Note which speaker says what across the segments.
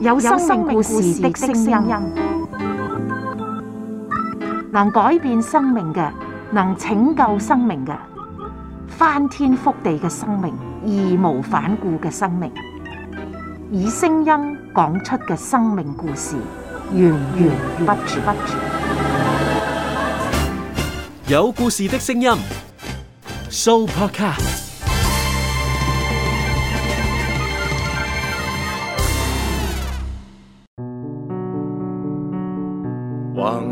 Speaker 1: 有生命故事的聲音，能改變生命嘅，能拯救生命嘅，翻天覆地嘅生命，義無反顧嘅生命，以聲音講出嘅生命故事，源源不絕。有故事的聲音，Soupercast。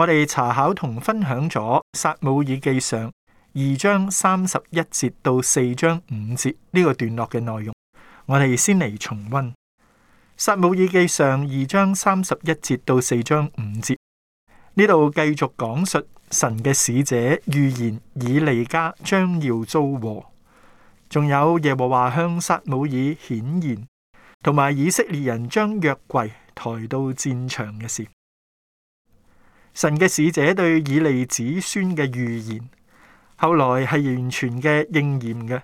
Speaker 1: 我哋查考同分享咗《撒母耳記上》二章三十一節到四章五節呢、這個段落嘅內容。我哋先嚟重溫《撒母耳記上》二章三十一節到四章五節呢度，繼續講述神嘅使者預言以利家將要遭禍，仲有耶和華向撒母耳顯現，同埋以色列人將約櫃抬到戰場嘅事。神嘅使者對以利子孫嘅預言，後來係完全嘅應驗嘅。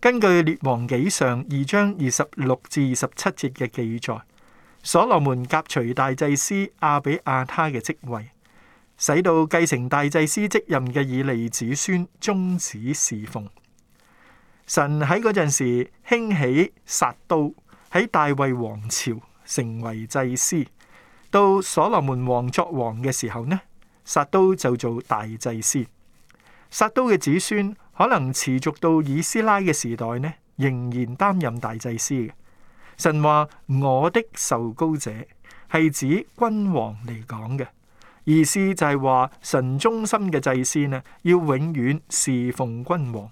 Speaker 1: 根據列王紀上二章二十六至二十七節嘅記載，所羅門甲除大祭司亞比亞他嘅職位，使到繼承大祭司職任嘅以利子孫終止侍奉。神喺嗰陣時興起撒督，喺大衛王朝成為祭司。到所羅門王作王嘅時候呢，撒都就做大祭司。撒都嘅子孫可能持續到以斯拉嘅時代呢，仍然擔任大祭司嘅。神話我的受膏者，係指君王嚟講嘅，意思就係話神忠心嘅祭司呢，要永遠侍奉君王。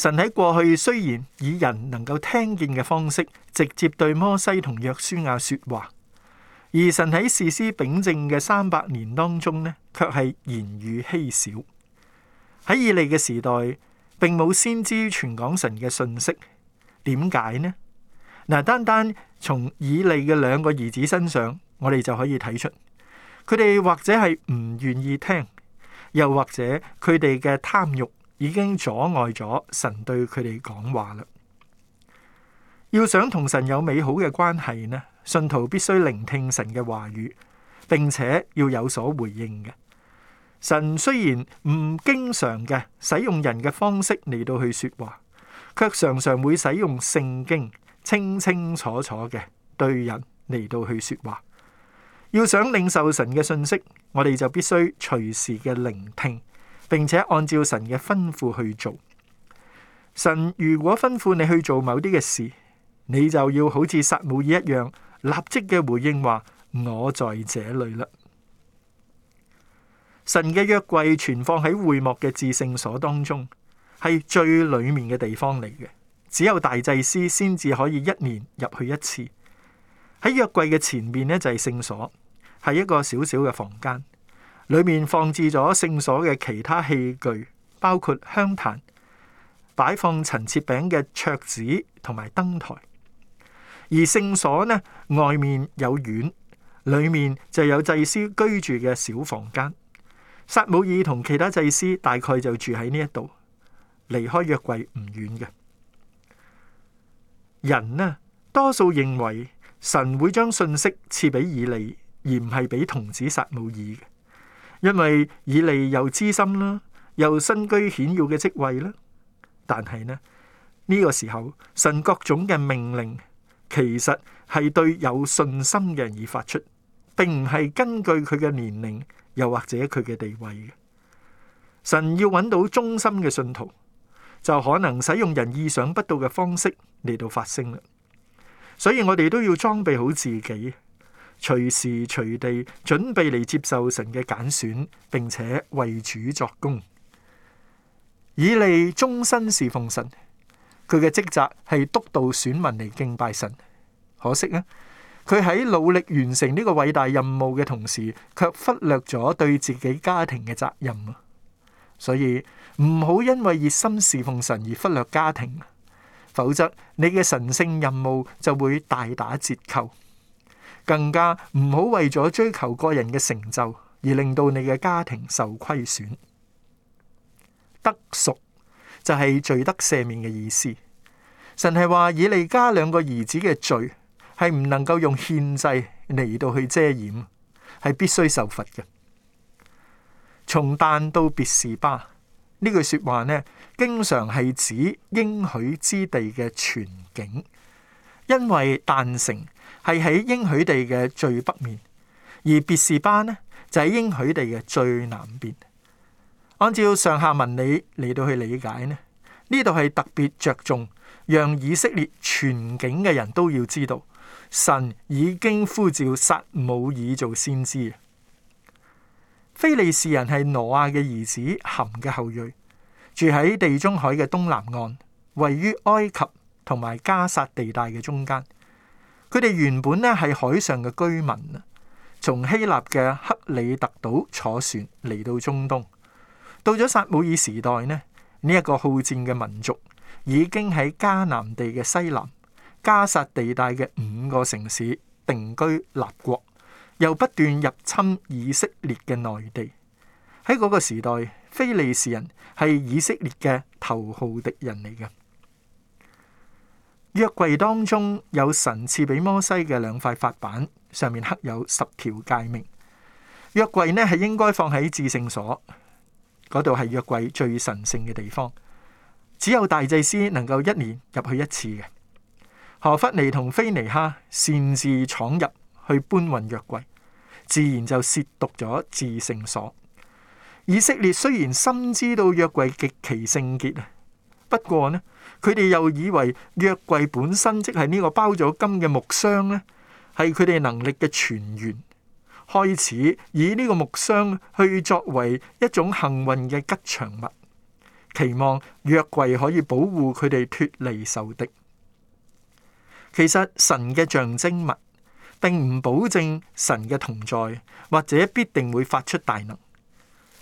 Speaker 1: 神喺過去雖然以人能夠聽見嘅方式直接對摩西同約書亞說話，而神喺士師秉政嘅三百年當中呢，卻係言語稀少。喺以利嘅時代，並冇先知傳講神嘅信息，點解呢？嗱，單單從以利嘅兩個兒子身上，我哋就可以睇出，佢哋或者係唔願意聽，又或者佢哋嘅貪欲已經阻礙咗神對佢哋講話嘞。要想同神有美好嘅關係呢，信徒必須聆聽神嘅話語，並且要有所回應嘅。神雖然唔經常嘅使用人嘅方式嚟到去說話，卻常常會使用聖經清清楚楚嘅對人嚟到去說話。要想領受神嘅信息，我哋就必須隨時嘅聆聽。並且按照神嘅吩咐去做。神如果吩咐你去做某啲嘅事，你就要好似撒母耳一樣，立即嘅回應話：我在這裡啦。神嘅約櫃存放喺會幕嘅至聖所當中，係最裡面嘅地方嚟嘅。只有大祭司先至可以一年入去一次。喺約櫃嘅前面呢，就係聖所，係一個小小嘅房間。裏面放置咗聖所嘅其他器具，包括香壇，擺放陳設餅嘅桌子、同埋燈台。而聖所呢，外面有院，裏面就有祭司居住嘅小房間。撒母耳同其他祭司大概就住喺呢一度，離開約櫃唔遠嘅。人呢，多數認為神會將信息賜俾以利，而唔係俾童子撒母耳嘅。因為以利又知心啦，又身居顯要嘅職位啦，但係呢呢、呢個時候，神各種嘅命令其實係對有信心嘅人而發出，並唔係根據佢嘅年齡又或者佢嘅地位嘅。神要揾到忠心嘅信徒，就可能使用人意想不到嘅方式嚟到發聲啦。所以我哋都要裝備好自己。隨時隨地準備嚟接受神嘅揀選，並且為主作工，以利終身侍奉神。佢嘅職責係督導選民嚟敬拜神。可惜啊，佢喺努力完成呢個偉大任務嘅同時，卻忽略咗對自己家庭嘅責任。所以唔好因為熱心侍奉神，而忽略家庭，否則你嘅神聖任務就會大打折扣。更加唔好為咗追求個人嘅成就而令到你嘅家庭受虧損。得贖就係罪得赦免嘅意思。神係話以利家兩個兒子嘅罪係唔能夠用獻祭嚟到去遮掩，係必須受罰嘅。從但到別是巴，句呢句說話咧，經常係指應許之地嘅全景，因為但城。係喺應許地嘅最北面，而別士班呢就喺、是、應許地嘅最南邊。按照上下文理嚟到去理解呢，呢度係特別着重，讓以色列全境嘅人都要知道，神已經呼召撒母耳做先知。非利士人係挪亞嘅兒子含嘅後裔，住喺地中海嘅東南岸，位於埃及同埋加沙地帶嘅中間。佢哋原本咧係海上嘅居民啊，從希臘嘅克里特島坐船嚟到中東。到咗撒母耳時代咧，呢、這、一個好戰嘅民族已經喺迦南地嘅西南加薩地帶嘅五個城市定居立國，又不斷入侵以色列嘅內地。喺嗰個時代，非利士人係以色列嘅頭號敵人嚟嘅。約櫃當中有神賜俾摩西嘅兩塊法板，上面刻有十條誡命。約櫃呢係應該放喺至聖所嗰度，係約櫃最神聖嘅地方，只有大祭司能夠一年入去一次嘅。何弗尼同菲尼哈擅自闖入去搬運約櫃，自然就褻瀆咗至聖所。以色列雖然深知道約櫃極其聖潔不過呢，佢哋又以為約櫃本身即係呢個包咗金嘅木箱呢係佢哋能力嘅泉源，開始以呢個木箱去作為一種幸運嘅吉祥物，期望約櫃可以保護佢哋脫離受敵。其實神嘅象徵物，並唔保證神嘅同在或者必定會發出大能。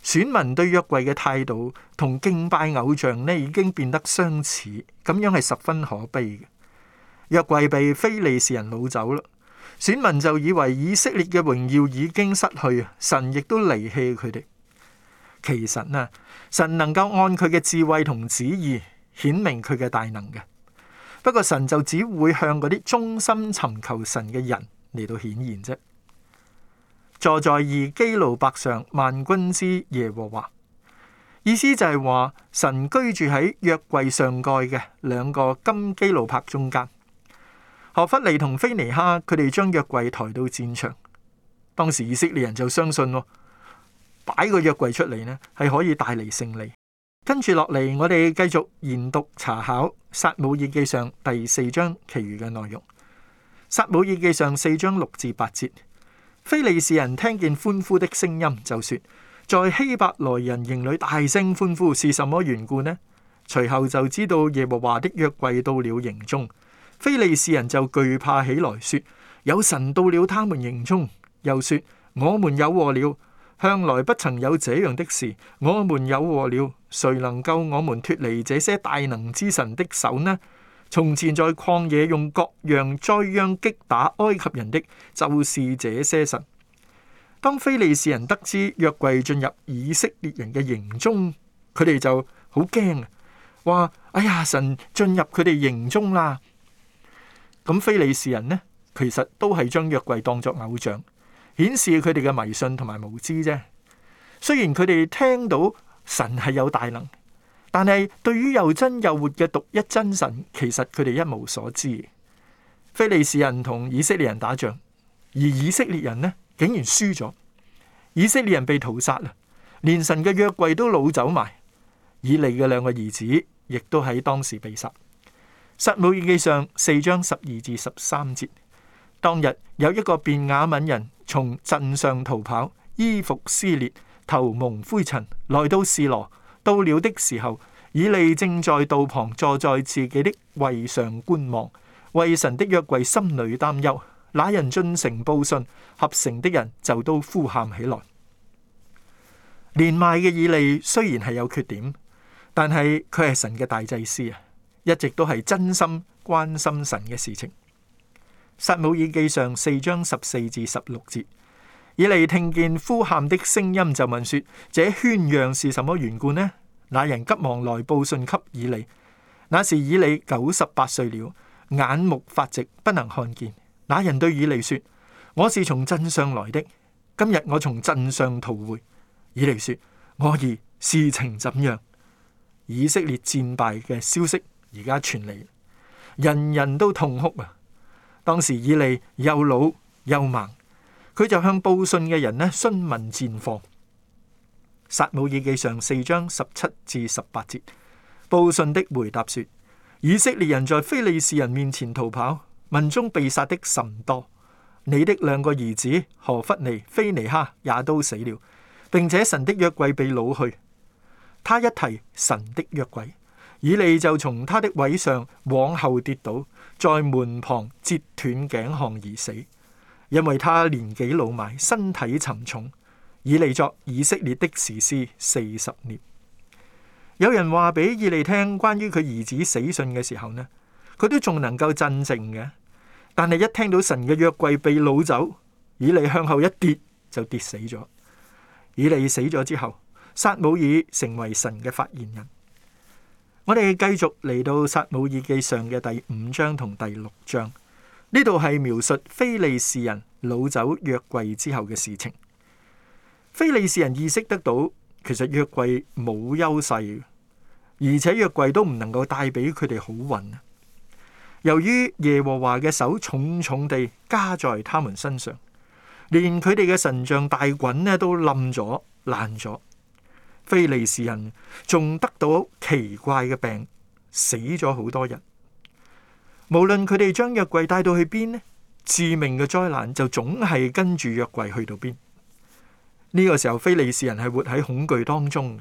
Speaker 1: 選民對約櫃嘅態度同敬拜偶像咧，已經變得相似，咁樣係十分可悲嘅。約櫃被非利士人擄走啦，選民就以為以色列嘅榮耀已經失去，神亦都離棄佢哋。其實啊，神能夠按佢嘅智慧同旨意顯明佢嘅大能嘅，不過神就只會向嗰啲忠心尋求神嘅人嚟到顯現啫。坐在二基路伯上，萬軍之耶和華。意思就係話神居住喺約櫃上蓋嘅兩個金基路伯中間。何弗尼同非尼哈佢哋將約櫃抬到戰場。當時以色列人就相信，哦、擺個約櫃出嚟呢係可以帶嚟勝利。跟住落嚟，我哋繼續研讀查考撒母耳記上第四章其餘嘅內容。撒母耳記上四章六至八節。非利士人聽見歡呼的聲音，就說：在希伯來人營裏大聲歡呼，是什麼緣故呢？隨後就知道耶和華的約櫃到了營中，非利士人就懼怕起來，說：有神到了他們營中。又說：我們有禍了，向來不曾有這樣的事。我們有禍了，誰能救我們脫離這些大能之神的手呢？從前在曠野用各樣災殃擊打埃及人的，就是這些神。當非利士人得知約櫃進入以色列人嘅營中，佢哋就好驚啊！話：哎呀，神進入佢哋營中啦！咁非利士人呢，其實都係將約櫃當作偶像，顯示佢哋嘅迷信同埋無知啫。雖然佢哋聽到神係有大能。但係，對於又真又活嘅獨一真神，其實佢哋一無所知。非利士人同以色列人打仗，而以色列人呢，竟然輸咗。以色列人被屠殺啊！連神嘅約櫃都擄走埋，以利嘅兩個兒子亦都喺當時被殺。撒母耳記上四章十二至十三節，當日有一個便雅憫人從陣上逃跑，衣服撕裂，頭蒙灰塵，來到示羅。到了的時候，以利正在道旁坐在自己的位上觀望，為神的約櫃心裏擔憂。那人進城報信，合城的人就都呼喊起來。年邁嘅以利雖然係有缺點，但係佢係神嘅大祭司啊，一直都係真心關心神嘅事情。撒母耳記上四章十四至十六節。以利聽見呼喊的聲音就問說：這喧嚷是什麼緣故呢？那人急忙來報信給以利。那時以利九十八歲了，眼目發直，不能看見。那人對以利說：我是從陣上來的，今日我從陣上逃回。以利說：我兒，事情怎樣？以色列戰敗嘅消息而家傳嚟，人人都痛哭啊！當時以利又老又盲。佢就向報信嘅人呢，詢問戰況。撒母耳記上四章十七至十八節，報信的回答說：以色列人在非利士人面前逃跑，民中被殺的甚多。你的兩個兒子何弗尼、非尼哈也都死了，並且神的約櫃被擄去。他一提神的約櫃，以利就從他的位上往後跌倒，在門旁折斷頸項而死。因為他年紀老邁，身體沉重，以利作以色列的士師四十年。有人話俾以利聽關於佢兒子死訊嘅時候呢，佢都仲能夠鎮靜嘅，但係一聽到神嘅約櫃被擄走，以利向後一跌就跌死咗。以利死咗之後，撒母耳成為神嘅發言人。我哋繼續嚟到撒母耳記上嘅第五章同第六章。呢度係描述非利士人擄走約櫃之後嘅事情。非利士人意識得到，其實約櫃冇優勢，而且約櫃都唔能夠帶俾佢哋好運。由於耶和華嘅手重重地加在他們身上，連佢哋嘅神像大衮呢都冧咗、爛咗。非利士人仲得到奇怪嘅病，死咗好多人。無論佢哋將約櫃帶到去邊呢，致命嘅災難就總係跟住約櫃去到邊。呢、這個時候，非利士人係活喺恐懼當中，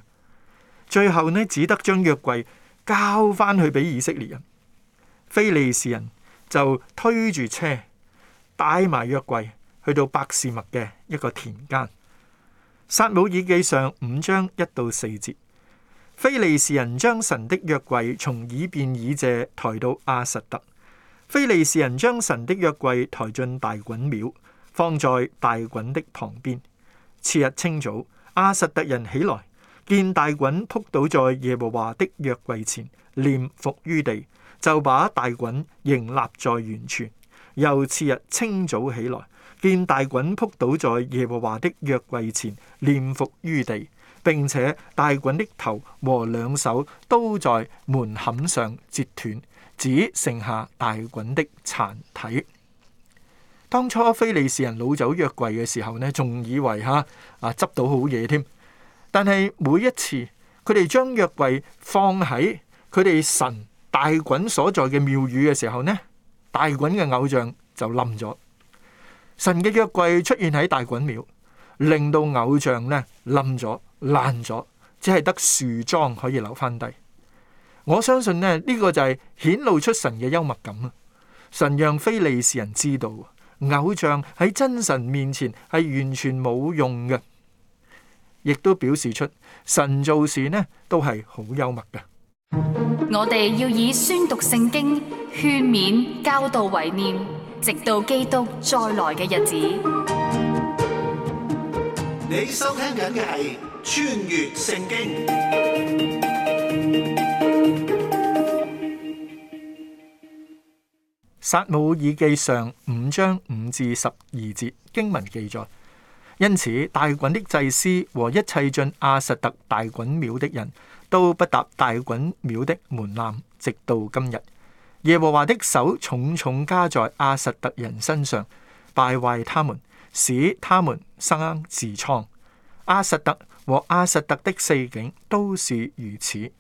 Speaker 1: 最後呢只得將約櫃交翻去俾以色列人。非利士人就推住車，帶埋約櫃去到伯示麥嘅一個田間。撒母耳記上五章一到四節，非利士人將神的約櫃從以便以謝抬到亞實突。非利士人將神的約櫃抬進大袞廟，放在大袞的旁邊。次日清早，亞實突人起來，見大袞仆倒在耶和華的約櫃前，臉伏於地，就把大袞仍立在原處。又次日清早起來，見大袞仆倒在耶和華的約櫃前，臉伏於地，並且大袞的頭和兩手都在門檻上折斷。只剩下大袞的殘體。當初非利士人擄走約櫃嘅時候呢，仲以為吓啊執到好嘢添。但係每一次佢哋將約櫃放喺佢哋神大袞所在嘅廟宇嘅時候呢，大袞嘅偶像就冧咗。神嘅約櫃出現喺大袞廟，令到偶像呢冧咗爛咗，只係得樹樁可以留翻低。我相信呢，呢個就係顯露出神嘅幽默感啊！神讓非利士人知道偶像喺真神面前係完全冇用嘅，亦都表示出神做事呢都係好幽默㗎。我哋要以宣讀聖經、勸勉、教導、為念，直到基督再來嘅日子。你收聽緊嘅係《穿越聖經》。撒母耳記上五章五至十二節經文記載，因此大衮的祭司和一切進阿實特大衮廟的人都不踏大衮廟的門檻，直到今日。耶和華的手重重加在阿實特人身上，敗壞他們，使他們生痔瘡。阿實特和阿實特的四境都是如此。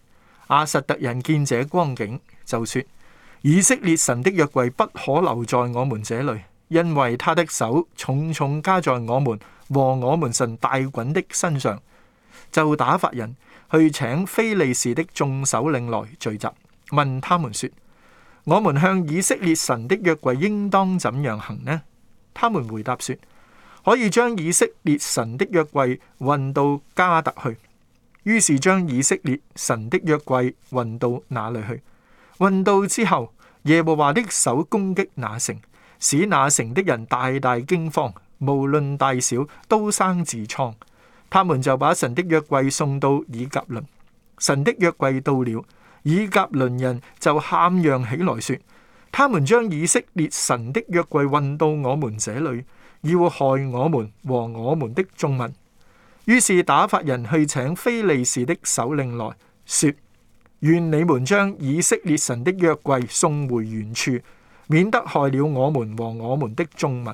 Speaker 1: 阿實特人見這光景，就說，以色列神的約櫃不可留在我們這裏，因為他的手重重加在我們和我們神大衮的身上，就打發人去請非利士的眾首領來聚集，問他們說：我們向以色列神的約櫃應當怎樣行呢？他們回答說：可以將以色列神的約櫃運到加特去。於是將以色列神的約櫃運到哪裏去？運到之後，耶和華的手攻擊那城，使那城的人大大驚慌，無論大小都生痔瘡。他們就把神的約櫃送到以革倫。神的約櫃到了，以革倫人就喊嚷起來說：他們將以色列神的約櫃運到我們這裡，要害我們和我們的眾民。」於是打發人去請非利士的首領來說。願你們將以色列神的約櫃送回原處，免得害了我們和我們的眾民。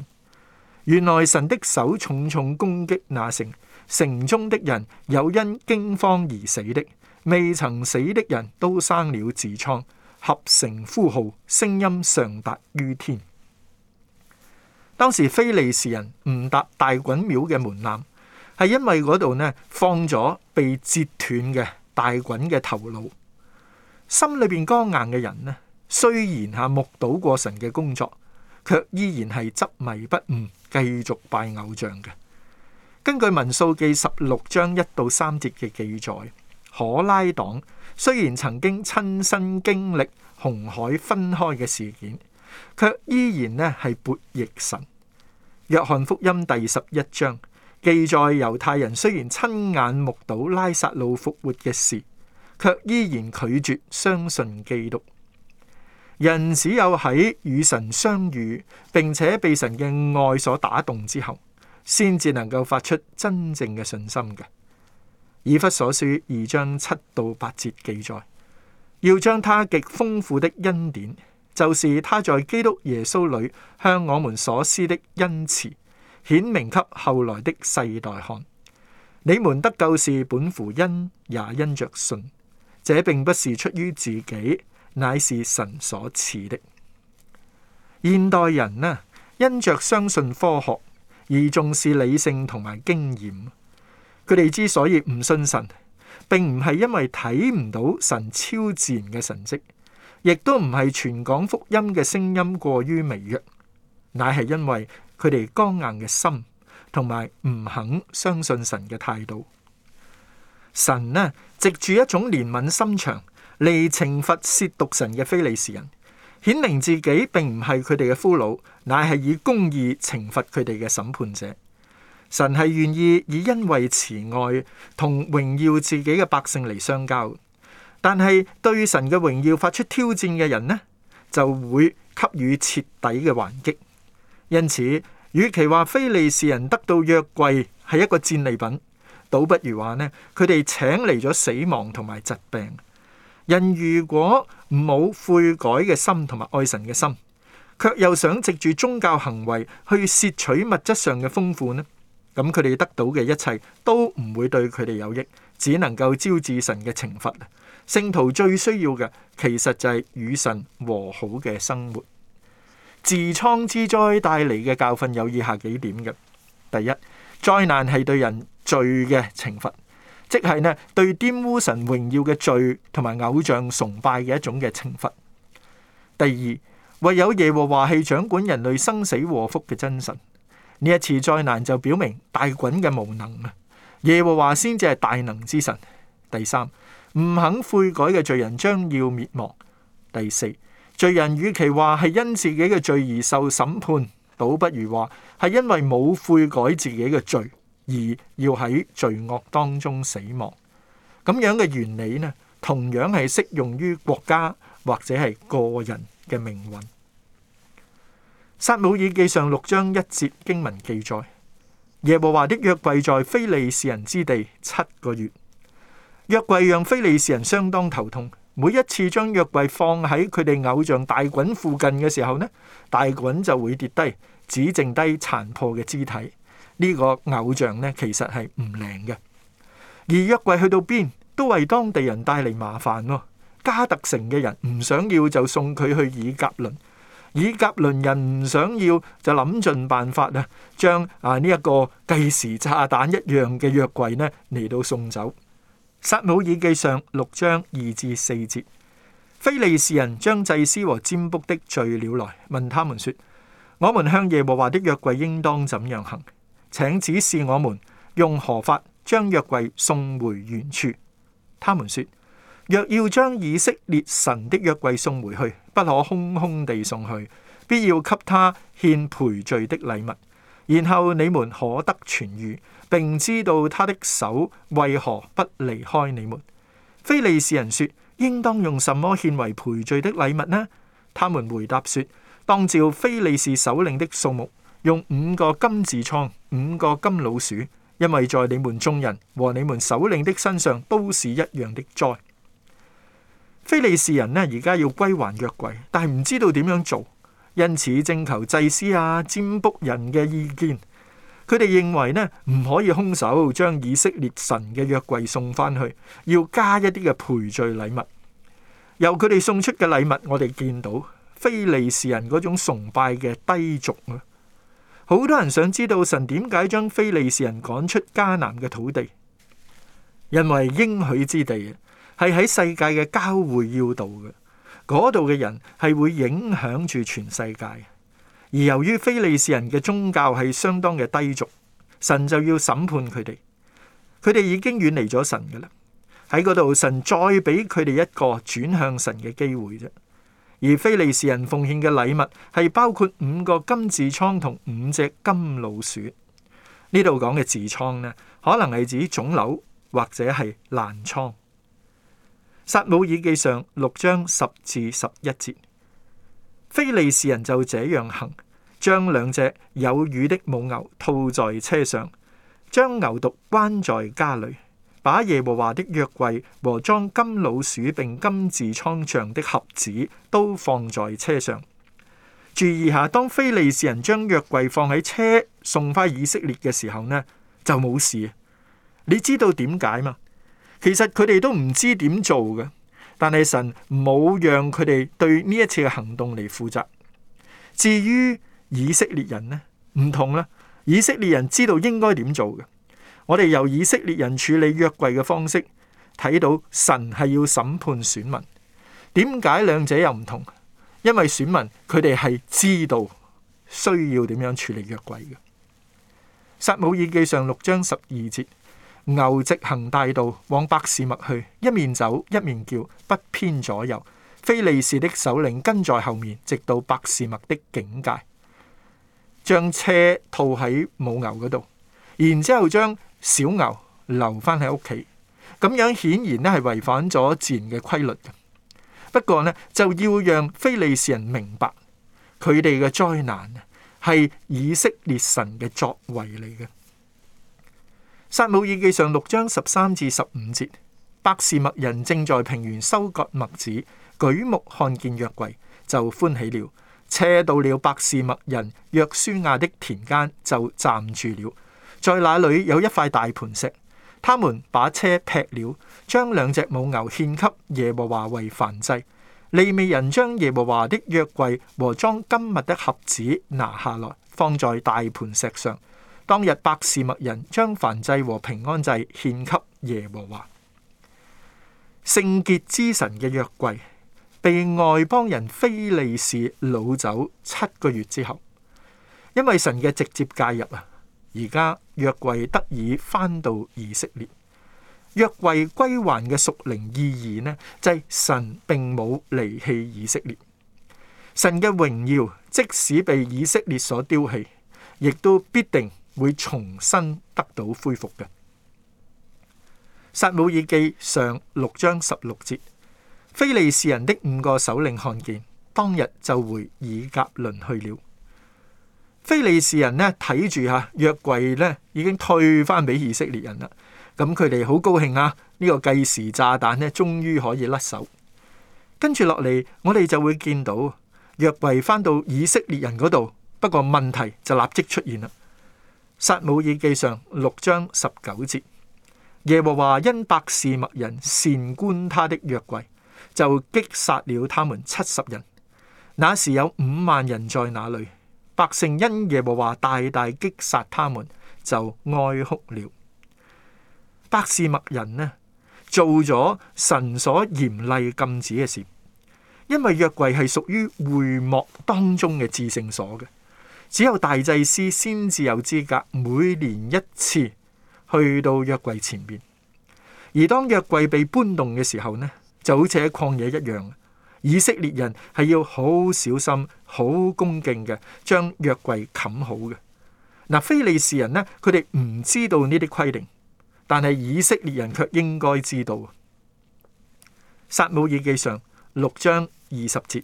Speaker 1: 原來神的手重重攻擊那城，城中的人有因驚慌而死的，未曾死的人都生了痔瘡，合城呼號，聲音上達於天。當時非利士人唔踏大袞廟嘅門檻，係因為嗰度呢放咗被截斷嘅大袞嘅頭腦。心裏邊剛硬嘅人呢，雖然係目睹過神嘅工作，卻依然係執迷不悟，繼續拜偶像嘅。根據民數記十六章一到三節嘅記載，可拉黨雖然曾經親身經歷紅海分開嘅事件，卻依然呢係悖逆神。約翰福音第十一章記載，猶太人雖然親眼目睹拉撒路復活嘅事。卻依然拒絕相信基督。人只有喺與神相遇，並且被神嘅愛所打動之後，先至能夠發出真正嘅信心嘅。以弗所書二章七到八節記載，要將他極豐富的恩典，就是他在基督耶穌裏向我們所施的恩慈，顯明給後來的世代看。你們得救是本乎恩，也因着信。這並不是出於自己，乃是神所賜的。現代人呢、啊，因着相信科學而重視理性同埋經驗，佢哋之所以唔信神，並唔係因為睇唔到神超自然嘅神蹟，亦都唔係傳講福音嘅聲音過於微弱，乃係因為佢哋剛硬嘅心同埋唔肯相信神嘅態度。神呢、啊？藉住一種憐憫心腸，嚟懲罰褻瀆神嘅非利士人，顯明自己並唔係佢哋嘅俘虜，乃係以公義懲罰佢哋嘅審判者。神係願意以恩惠慈愛同榮耀自己嘅百姓嚟相交，但係對神嘅榮耀發出挑戰嘅人呢，就會給予徹底嘅還擊。因此，與其話非利士人得到約櫃係一個戰利品。倒不如話呢，佢哋請嚟咗死亡同埋疾病。人如果冇悔改嘅心同埋愛神嘅心，卻又想藉住宗教行為去攝取物質上嘅豐富呢，咁佢哋得到嘅一切都唔會對佢哋有益，只能夠招致神嘅懲罰啊！聖徒最需要嘅其實就係與神和好嘅生活。自創之災帶嚟嘅教訓有以下幾點嘅：第一，災難係對人。罪嘅懲罰，即係呢對玷污神榮耀嘅罪同埋偶像崇拜嘅一種嘅懲罰。第二，唯有耶和華係掌管人類生死禍福嘅真神。呢一次災難就表明大衮嘅無能啊！耶和華先至係大能之神。第三，唔肯悔改嘅罪人將要滅亡。第四，罪人與其話係因自己嘅罪而受審判，倒不如話係因為冇悔改自己嘅罪。而要喺罪惡當中死亡，咁樣嘅原理呢？同樣係適用於國家或者係個人嘅命運。撒母耳記上六章一節經文記載：耶和華的約櫃在非利士人之地七個月。約櫃讓非利士人相當頭痛。每一次將約櫃放喺佢哋偶像大袞附近嘅時候呢，大袞就會跌低，只剩低殘破嘅肢體。呢個偶像呢，其實係唔靚嘅。而約櫃去到邊，都為當地人帶嚟麻煩咯、哦。迦特城嘅人唔想要就送佢去以革倫，以革倫人唔想要就諗盡辦法啊，將啊呢一個計時炸彈一樣嘅約櫃呢嚟到送走。撒母耳記上六章二至四節，非利士人將祭司和占卜的聚了來，問他們說：我們向耶和華的約櫃應當怎樣行？請指示我們用何法將約櫃送回原處。他們說：若要將以色列神的約櫃送回去，不可空空地送去，必要給他獻賠罪的禮物，然後你們可得痊愈，並知道他的手為何不離開你們。非利士人說：應當用什麼獻為賠罪的禮物呢？他們回答說：當照非利士首領的數目。用五個金痔瘡，五個金老鼠，因為在你們眾人和你們首領的身上都是一樣的災。非利士人呢，而家要歸還約櫃，但係唔知道點樣做，因此徵求祭司啊、占卜人嘅意見。佢哋認為呢唔可以空手將以色列神嘅約櫃送翻去，要加一啲嘅賠罪禮物。由佢哋送出嘅禮物，我哋見到非利士人嗰種崇拜嘅低俗啊。好多人想知道神點解將非利士人趕出迦南嘅土地，因為應許之地係喺世界嘅交匯要道嘅，嗰度嘅人係會影響住全世界。而由於非利士人嘅宗教係相當嘅低俗，神就要審判佢哋。佢哋已經遠離咗神㗎喇，喺嗰度神再俾佢哋一個轉向神嘅機會啫。而非利士人奉獻嘅禮物係包括五個金痔瘡同五隻金老鼠。呢度講嘅痔瘡呢，可能係指腫瘤或者係爛瘡。撒母耳記上六章十至十一節，非利士人就這樣行，將兩隻有乳的母牛套在車上，將牛犢關在家裏。把耶和華的約櫃和裝金老鼠並金痔瘡像的盒子都放在車上。注意下，當非利士人將約櫃放喺車送返以色列嘅時候呢，就冇事。你知道點解嘛？其實佢哋都唔知點做嘅，但係神冇讓佢哋對呢一次嘅行動嚟負責至於以色列人呢，唔同啦。以色列人知道應該點做嘅。我哋由以色列人處理約櫃嘅方式睇到神係要審判選民。點解兩者又唔同？因為選民佢哋係知道需要點樣處理約櫃嘅。撒母耳記上六章十二節，牛直行大道往伯示麥去，一面走一面叫，不偏左右。非利士的首領跟在後面，直到伯示麥的境界，將車套喺母牛嗰度，然之後將。小牛留翻喺屋企，咁樣顯然咧係違反咗自然嘅規律嘅。不過呢，就要讓非利士人明白，佢哋嘅災難係以色列神嘅作為嚟嘅。撒母耳記上六章十三至十五節，伯示麥人正在平原收割麥子，舉目看見約櫃，就歡喜了。車到了伯示麥人約書亞的田間，就站住了。在那裏有一塊大盤石，他們把車劈了，將兩隻母牛獻給耶和華為燔祭。利未人將耶和華的約櫃和裝金物的盒子拿下來，放在大盤石上。當日伯示麥人將燔祭和平安祭獻給耶和華。聖潔之神嘅約櫃被外邦人非利士擄走七個月之後，因為神嘅直接介入啊！而家約櫃得以翻到以色列，約櫃歸還嘅屬靈意義呢，就係神並冇離棄以色列，神嘅榮耀即使被以色列所丟棄，亦都必定會重新得到恢復嘅。撒母耳記上六章十六節，非利士人的五個首領看見，當日就回以革倫去了。非利士人呢睇住吓，約櫃呢已經退翻俾以色列人啦。咁佢哋好高興啊！呢個計時炸彈呢，終於可以甩手。跟住落嚟，我哋就會見到約櫃翻到以色列人嗰度。不過問題就立即出現啦。撒母耳記上六章十九節，耶和華因伯示麥人擅觀他的約櫃，就擊殺了他們七十人。那時有五萬人在那裏。百姓因耶和華大大擊殺他們，就哀哭了。伯示麥人呢，做咗神所嚴厲禁止嘅事，因為約櫃係屬於會幕當中嘅至聖所嘅，只有大祭司先至有資格每年一次去到約櫃前邊。而當約櫃被搬動嘅時候呢，就好似喺曠野一樣。以色列人係要好小心、好恭敬嘅，將約櫃冚好嘅。嗱，非利士人呢，佢哋唔知道呢啲規定，但係以色列人卻應該知道。撒母耳記上六章二十節，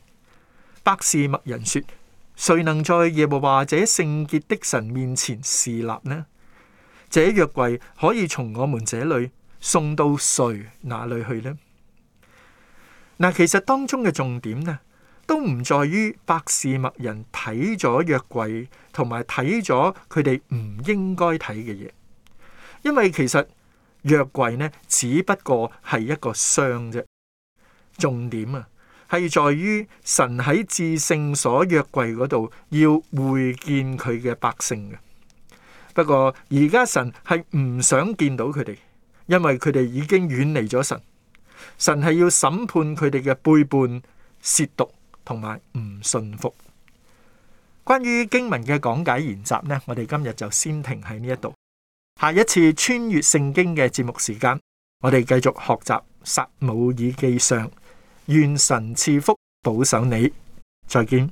Speaker 1: 伯示麥人說：誰能在耶和華這聖潔的神面前侍立呢？這約櫃可以從我們這裏送到誰哪裏去呢？嗱，其實當中嘅重點呢，都唔在於伯示麥人睇咗約櫃，同埋睇咗佢哋唔應該睇嘅嘢，因為其實約櫃呢，只不過係一個箱啫。重點啊，係在於神喺至聖所約櫃嗰度要會見佢嘅百姓嘅。不過而家神係唔想見到佢哋，因為佢哋已經遠離咗神。神係要審判佢哋嘅背叛、褻瀆同埋唔信服。關於經文嘅講解研習呢，我哋今日就先停喺呢一度。下一次穿越聖經嘅節目時間，我哋繼續學習撒母耳記上。願神賜福保守你。再見。